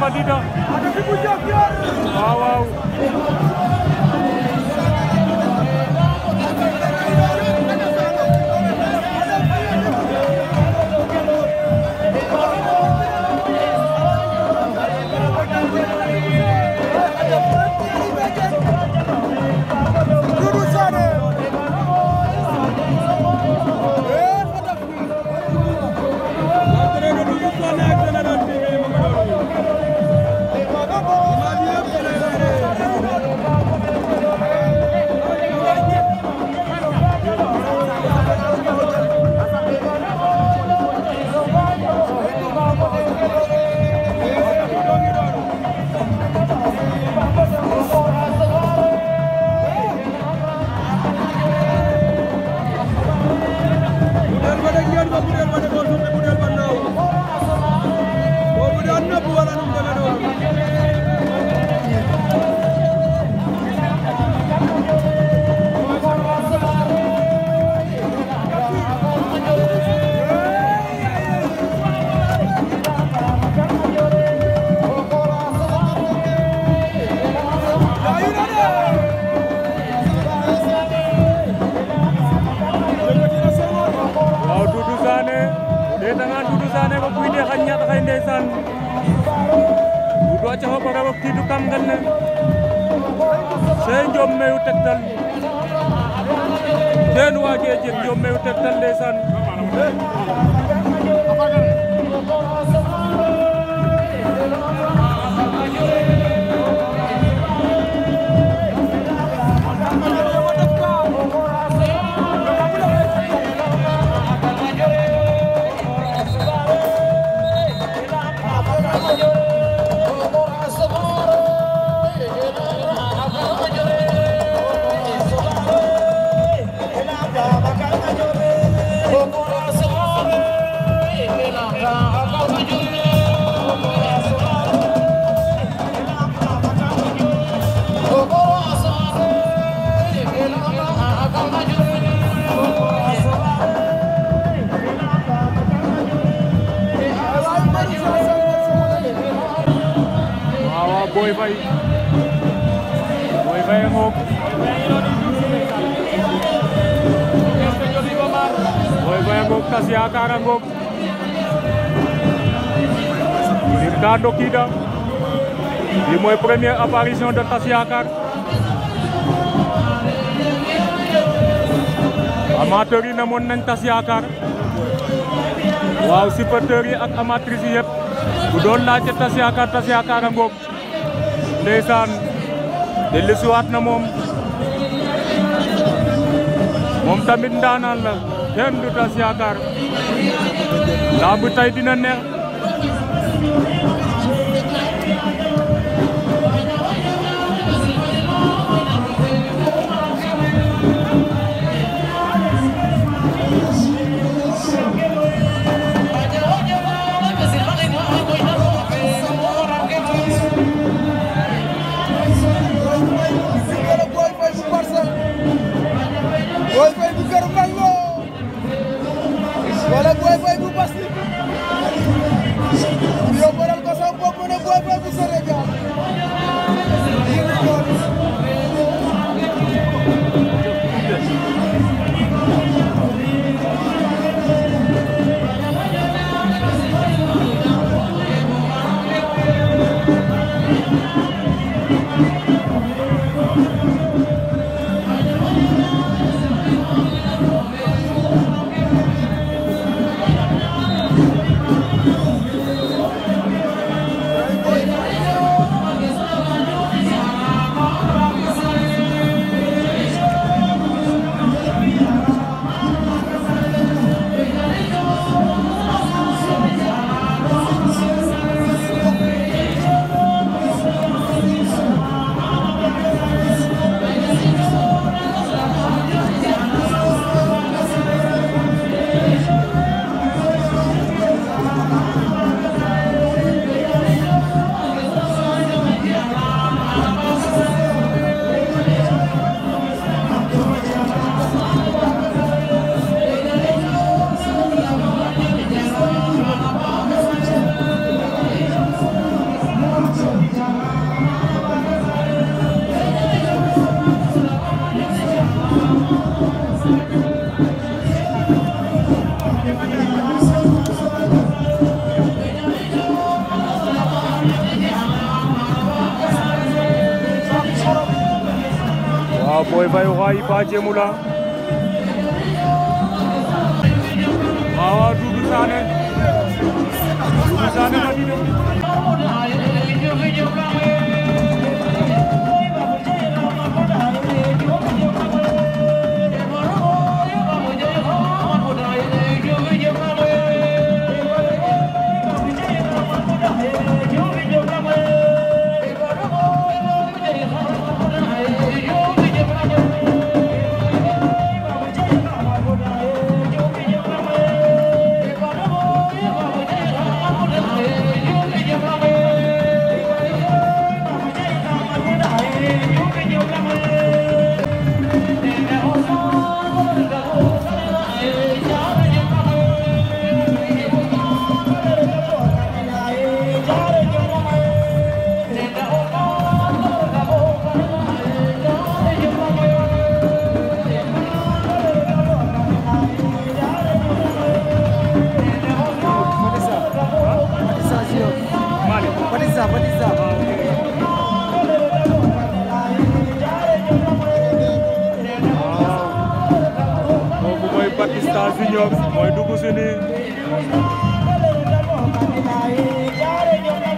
Bandita. xay ndeysaan bu doo ca fa borom kam ngal ne sey njoom meyu tegtal seen waajee jël njoom meyu tegtal ndeysaan Faye Boy Faye ngoog Boy a ngoog lim daa dokiida li mooy premier apparition de tas yaakaar amateur moon nañ tas yaakaar waaw supporteurs yi ak amatrices yi yëpp bu doon laajte a ngoog ndeysaan dellusiwaat na moom moom tamit ndaanaan la kenn du tas yaakaar laa bu tey dina neex Boy Bayora yi ba jéemu la waaw waaw Doudou Sané Doudou Sané Bass bi ñoom mooy dugg si nii